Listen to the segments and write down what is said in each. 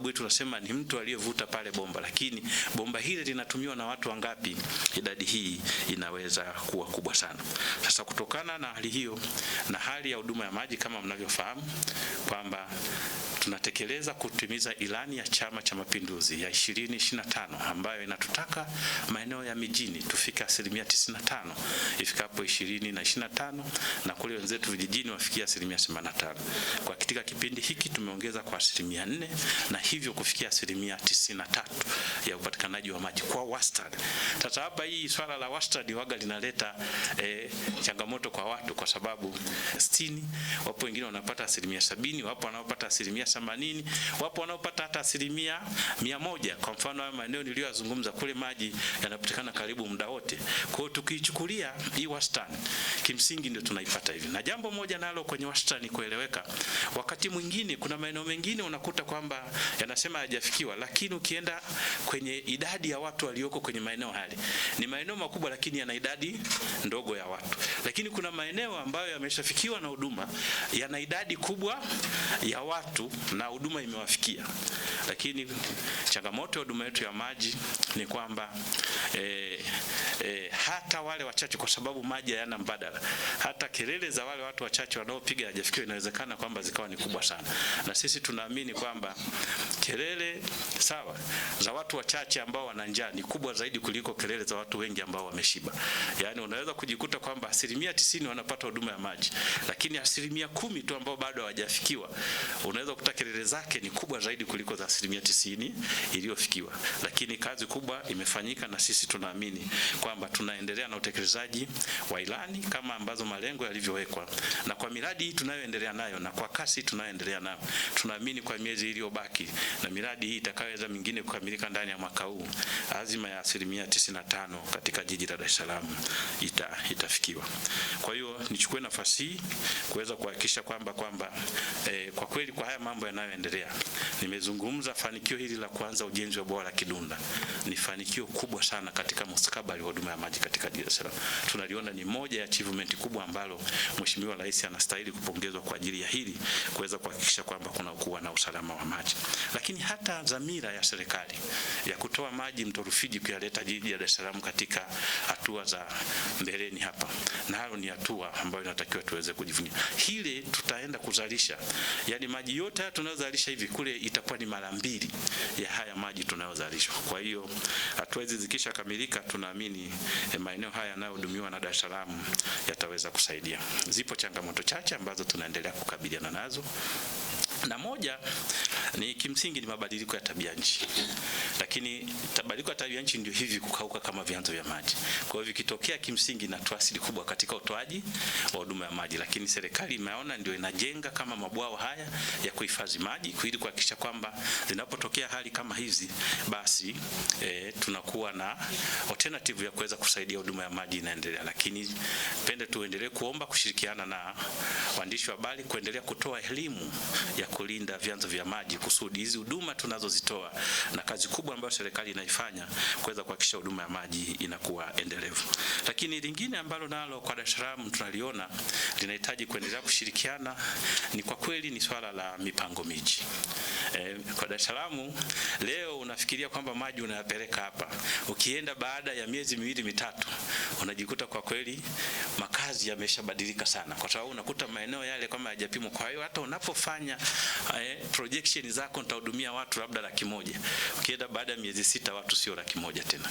sababu hii tunasema ni mtu aliyevuta pale bomba, lakini bomba hili linatumiwa na watu wangapi? Idadi hii inaweza kuwa kubwa sana. Sasa kutokana na hali hiyo na hali ya huduma ya maji kama mnavyofahamu kwamba tunatekeleza kutimiza ilani ya Chama cha Mapinduzi ya 2025 ambayo inatutaka maeneo ya mijini tufike asilimia 95 ifikapo 20 na 25 na kule wenzetu vijijini wafikia asilimia 85. Kwa katika kipindi hiki tumeongeza kwa asilimia 4 na hivyo kufikia asilimia tisini na tatu ya upatikanaji wa maji kwa wastani. Sasa hapa hii swala la wastani waga linaleta eh, changamoto kwa watu kwa sababu sitini, wapo wengine wanapata asilimia sabini, wapo wanaopata asilimia themanini, wapo wanaopata hata asilimia mia moja. Kwa mfano haya maeneo niliyoyazungumza kule maji yanapatikana karibu muda wote. Kwa hiyo tukichukulia hii wastani kimsingi ndio tunaipata hivi. Na jambo moja nalo kwenye wastani kueleweka, wakati mwingine kuna maeneo mengine unakuta kwamba yanasema hayajafikiwa, lakini ukienda kwenye idadi ya watu walioko kwenye maeneo hali ni maeneo makubwa, lakini yana idadi ndogo ya watu. Lakini kuna maeneo ambayo yameshafikiwa na huduma, yana idadi kubwa ya watu na huduma imewafikia. Lakini changamoto ya huduma yetu ya maji ni kwamba e, e, hata wale wachache, kwa sababu maji hayana mbadala, hata kelele za wale watu wachache wanaopiga hajafikiwa, inawezekana kwamba zikawa ni kubwa sana, na sisi tunaamini kwamba kelele sawa za watu wachache ambao wana njaa ni kubwa zaidi kuliko kelele za watu wengi ambao wameshiba. Yani unaweza kujikuta kwamba asilimia tisini wanapata huduma ya maji, lakini asilimia kumi tu ambao bado hawajafikiwa, unaweza kukuta kelele zake ni kubwa zaidi kuliko za asilimia tisini iliyofikiwa, lakini kazi kubwa imefanyika, na sisi tunaamini kwamba tunaendelea na utekelezaji wa ilani kama ambazo malengo yalivyowekwa, na kwa miradi hii tunayoendelea nayo na kwa kasi tunayoendelea nayo, tunaamini kwa miezi iliyobaki na miradi hii itakayoweza mingine kukamilika ndani ya mwaka huu, azima ya asilimia tano katika jiji la Dar es Salaam ita, itafikiwa. Kwa hiyo nichukue nafasi hii kuweza kuhakikisha kwamba kwamba eh, kwa kweli kwa haya mambo yanayoendelea nimezungumza Kuzungumza fanikio hili la kuanza ujenzi wa bwawa la Kidunda ni fanikio kubwa sana katika mustakabali wa huduma ya maji katika Dar es Salaam. Tunaliona ni moja ya achievement kubwa ambalo Mheshimiwa Rais anastahili kupongezwa kwa ajili ya hili kuweza kuhakikisha kwamba kuna kuwa na usalama wa maji, lakini hata dhamira ya serikali ya kutoa maji mto Rufiji kuyaleta jiji la Dar es Salaam katika hatua za mbeleni hapa, nalo ni hatua ambayo inatakiwa tuweze kujivunia. Hili tutaenda kuzalisha, yani maji yote tunayozalisha hivi kule itakuwa ni mara mara mbili ya haya maji tunayozalishwa. Kwa hiyo hatua hizi zikishakamilika, tunaamini eh, maeneo haya yanayohudumiwa na Dar es Salaam yataweza kusaidia. Zipo changamoto chache ambazo tunaendelea kukabiliana nazo na moja ni kimsingi ni mabadiliko ya tabia nchi lakini tabadilika tabia nchi ndio hivi kukauka kama vyanzo vya maji. Kwa hiyo vikitokea, kimsingi na tuasili kubwa katika utoaji wa huduma ya maji, lakini serikali imeona ndio inajenga kama mabwawa haya ya kuhifadhi maji ili kuhakikisha kwamba zinapotokea hali kama hizi, basi e, tunakuwa na alternative ya kuweza kusaidia huduma ya maji inaendelea. Lakini pende tuendelee kuomba kushirikiana na waandishi wa habari kuendelea kutoa elimu ya kulinda vyanzo vya maji kusudi hizi huduma tunazozitoa na kazi kubwa kubwa ambayo serikali inaifanya kuweza kuhakikisha huduma ya maji inakuwa endelevu. Lakini lingine ambalo nalo kwa Dar es Salaam tunaliona linahitaji kuendelea kushirikiana ni kwa kweli ni swala la mipango miji. E, kwa Dar es Salaam leo unafikiria kwamba maji unayapeleka hapa, ukienda baada ya miezi miwili mitatu unajikuta kwa kweli makazi yameshabadilika sana, kwa sababu unakuta maeneo yale kama hayajapimwa. Kwa hiyo hata unapofanya eh, projection zako nitahudumia watu labda laki moja ukienda baada ya miezi sita watu sio laki moja tena,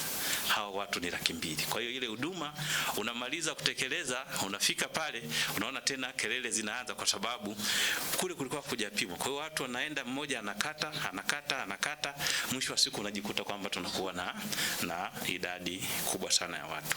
hawa watu ni laki mbili. Kwa hiyo ile huduma unamaliza kutekeleza, unafika pale unaona tena kelele zinaanza, kwa sababu kule kulikuwa kujapimwa. Kwa hiyo watu wanaenda, mmoja anakata anakata anakata, mwisho wa siku unajikuta kwamba tunakuwa na, na idadi kubwa sana ya watu.